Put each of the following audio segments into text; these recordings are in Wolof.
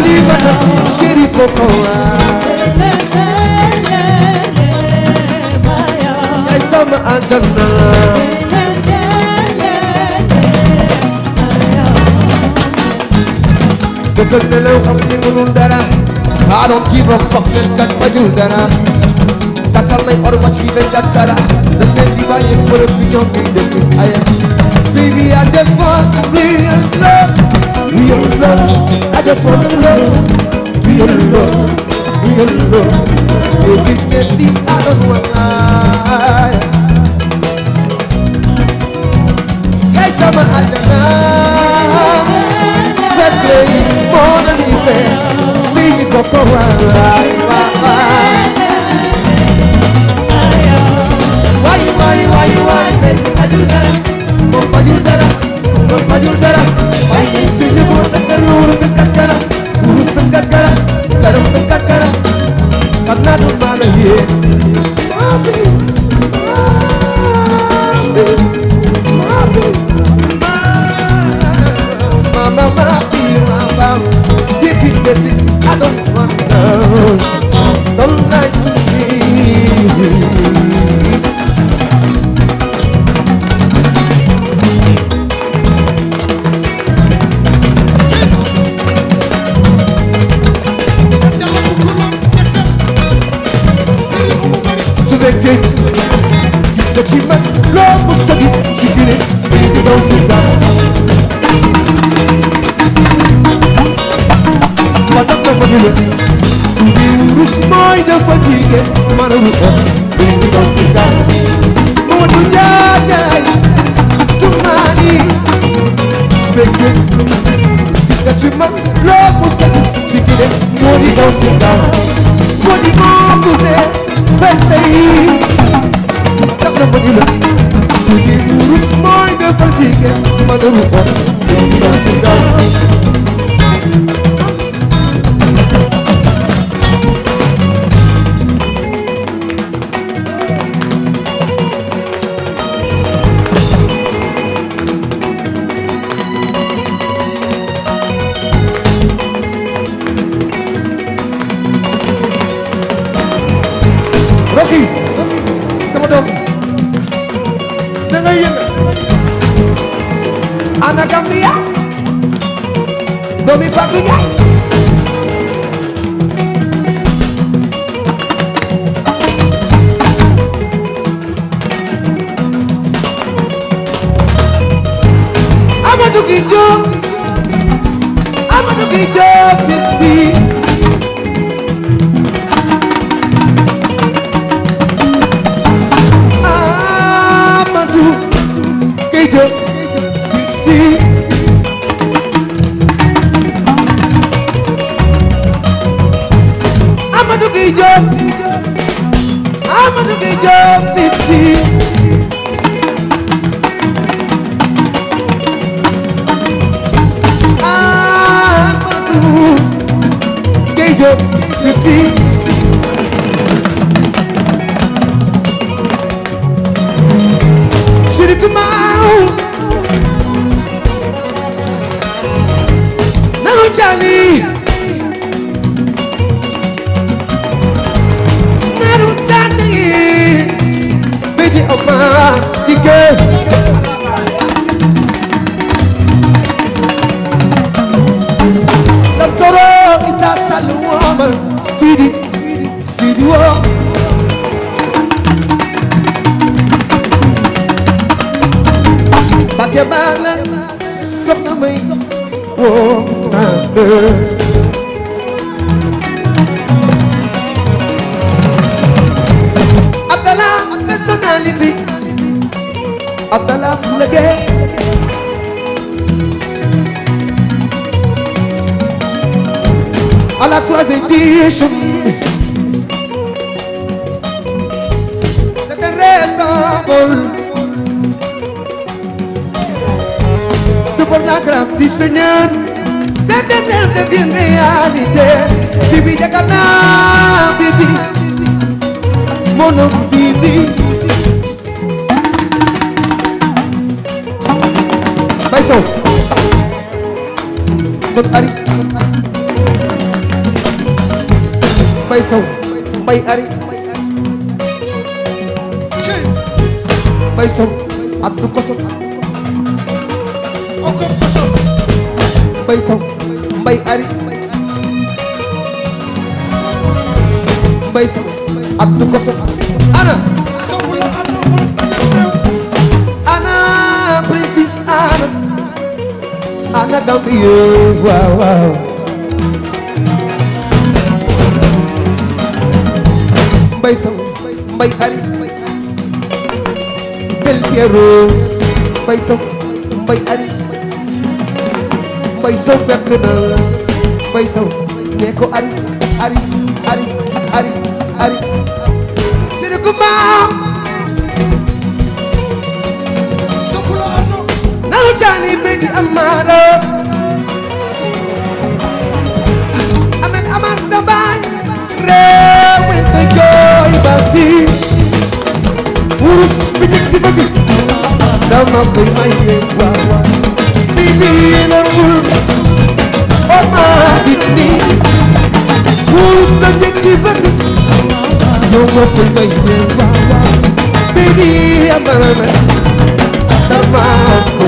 kulipata shiriko koa yaisama anzalna dëggal na law xam ni mënul dara I don't give a fuck nen kat fajul dara takkal nay or wàcc yi nañ la dara dañ leen di bàyyi bërëb bi ñoom bi dëkk ay baby I just want love. I just want your love. Real love. Real love. You give me deep, I don't want lie. Guys, I'm a ajana. That play more than even. We need to go Why, why, why, why, baby? I do that. Oh, I do that. di daw si daw moo di moo poussé benn tey tax na ba di la su di rus mooy defal jigéen ma dëru ko ana Gambia doomi Fatou Ndiaye Amadou Mbàkke bala soxna may woo naa personality of the love again. À la croisée des chemins. pour la grâce du Seigneur. Cette éternel devient réalité. Bibi Dakana, Bibi. Mon nom, Bibi. Baiso. Dok Ari. Baiso. Bay Ari. Baiso. Abdou Kosok. encore façon mbay saw mbay ari mbay saw ak du ko sax ana soxla ana princesse ana ana Gambie waaw waaw mbay saw mbay ari del Piero mbay saw mbay ari mbay saw perte na mbay saw nee ko ari ari ari ari ari sene ko maam sokuloorno nalu caani meni amaara amen aman sa baay réew mi nga jooy ba fi wurus bi di bëgg dama koy maye waaw waaw la njëkk bëgg yow moo koy may yow waaw waaw baby amara na dama ko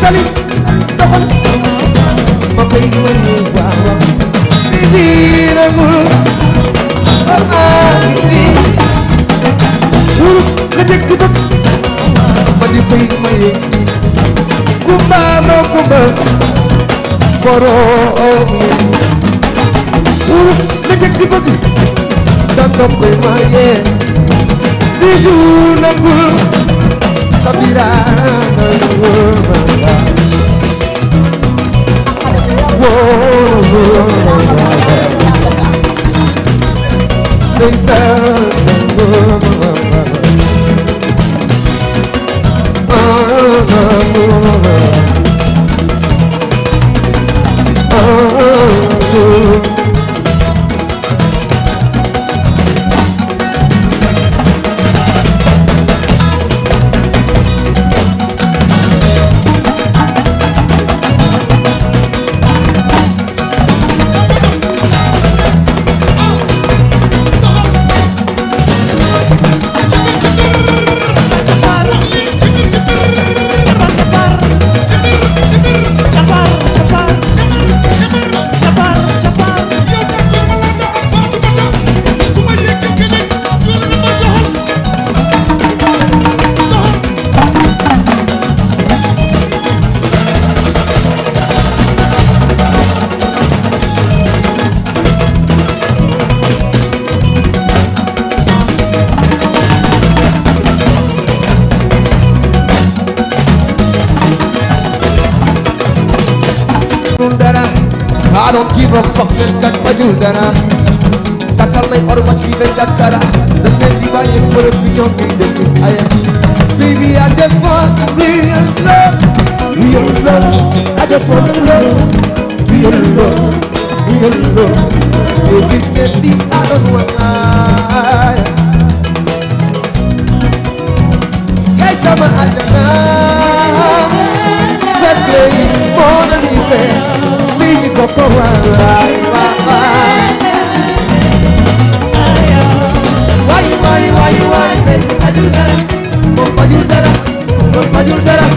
sali doxal ma koy may yow waaw waaw baby ragul papa bi wurus la njëkk bëgg ma di koy may kumba ma kumba borom oh, oh. wurus la jëkk di bëgg da ko koy maye bijou nangul sabira nangul manga woo ndeysa nangul manga tak fajul dara takkal nañ or wàcc yi nañ la dara dañ leen di bàyyi bërëb bi ñoom ñuy dëkk ay baby I just want real love real love I just want love real love real love you give me the I don't want lie yaay sama aljana fair play more than you fair lii ñu ko ko wallaay fajul dara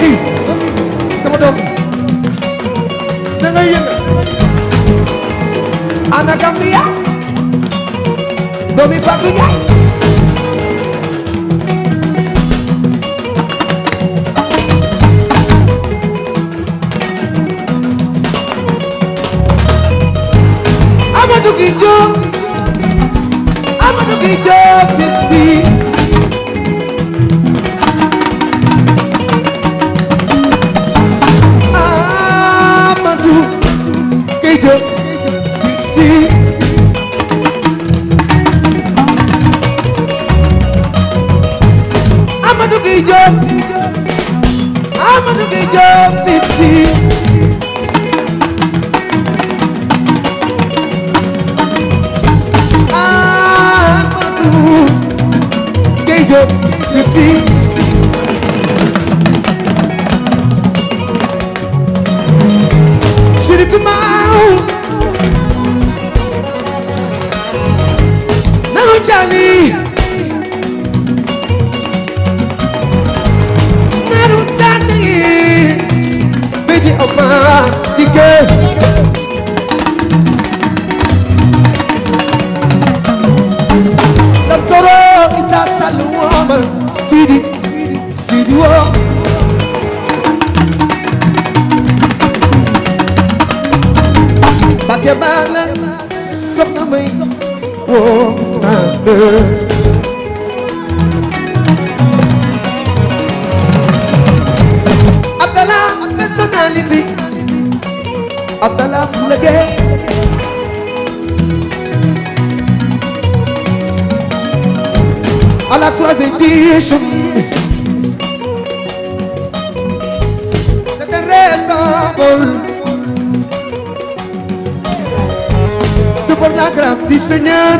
kii sama doom da ngay yëngal ana Gambia doomi Fatou Ndiaye Amadou Gueye Diop Amadou Gueye Diop soxna may woo naa la Abdala personnalité Abdala fu la gee à la croisée des chemins Seigneur,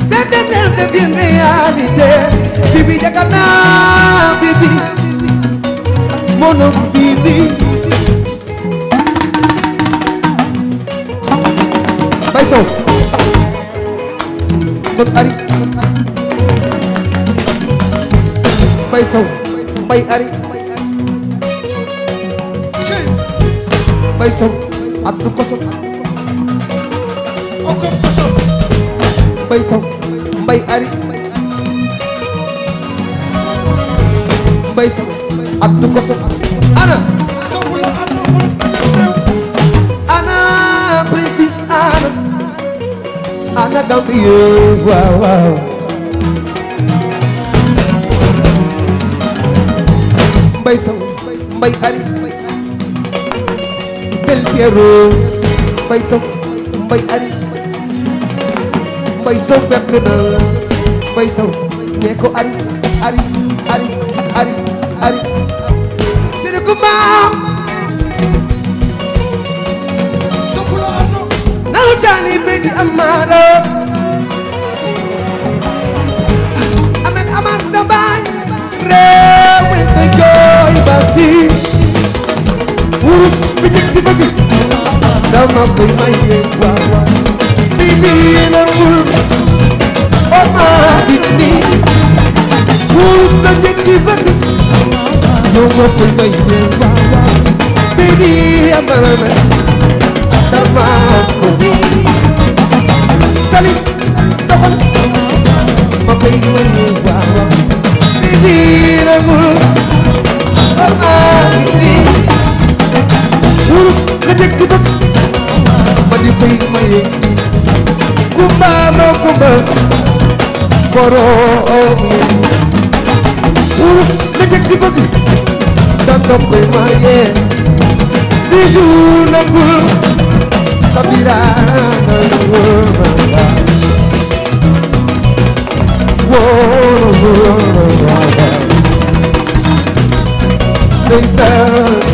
cette éternel devient réalité. Bibi Dakana, Bibi, mon homme Bibi. Baiso. Tot Ari. Baiso. Bay Ari. Baiso. Abdou Kosso. Okor Kosso. mbay saw mbay ari mbay saw ak du ko saw ana ana princess ana ana Gambie waaw waaw mbay saw mbay ari del mbay saw pep na mbay saw ne ko ari ari ari ari ari sene ko maam sopulo arno nalu tani meni amana amen aman sabay rewe ko joy bati wurus bi jek di bëgg dama koy maye waaw waaw bi bi na njëkk bëgg yow moo koy may ñëw waaw waaw baby amara na dama ko sali doxal ma koy may ñëw waaw waaw baby ragul amari wurus nga teg ci bëgg ma di koy maye kumba ma kumba borom wurus la jag di bëgg da nga koy marié bijou nangul sabira nangul manga wóor wóor manga ndeysaan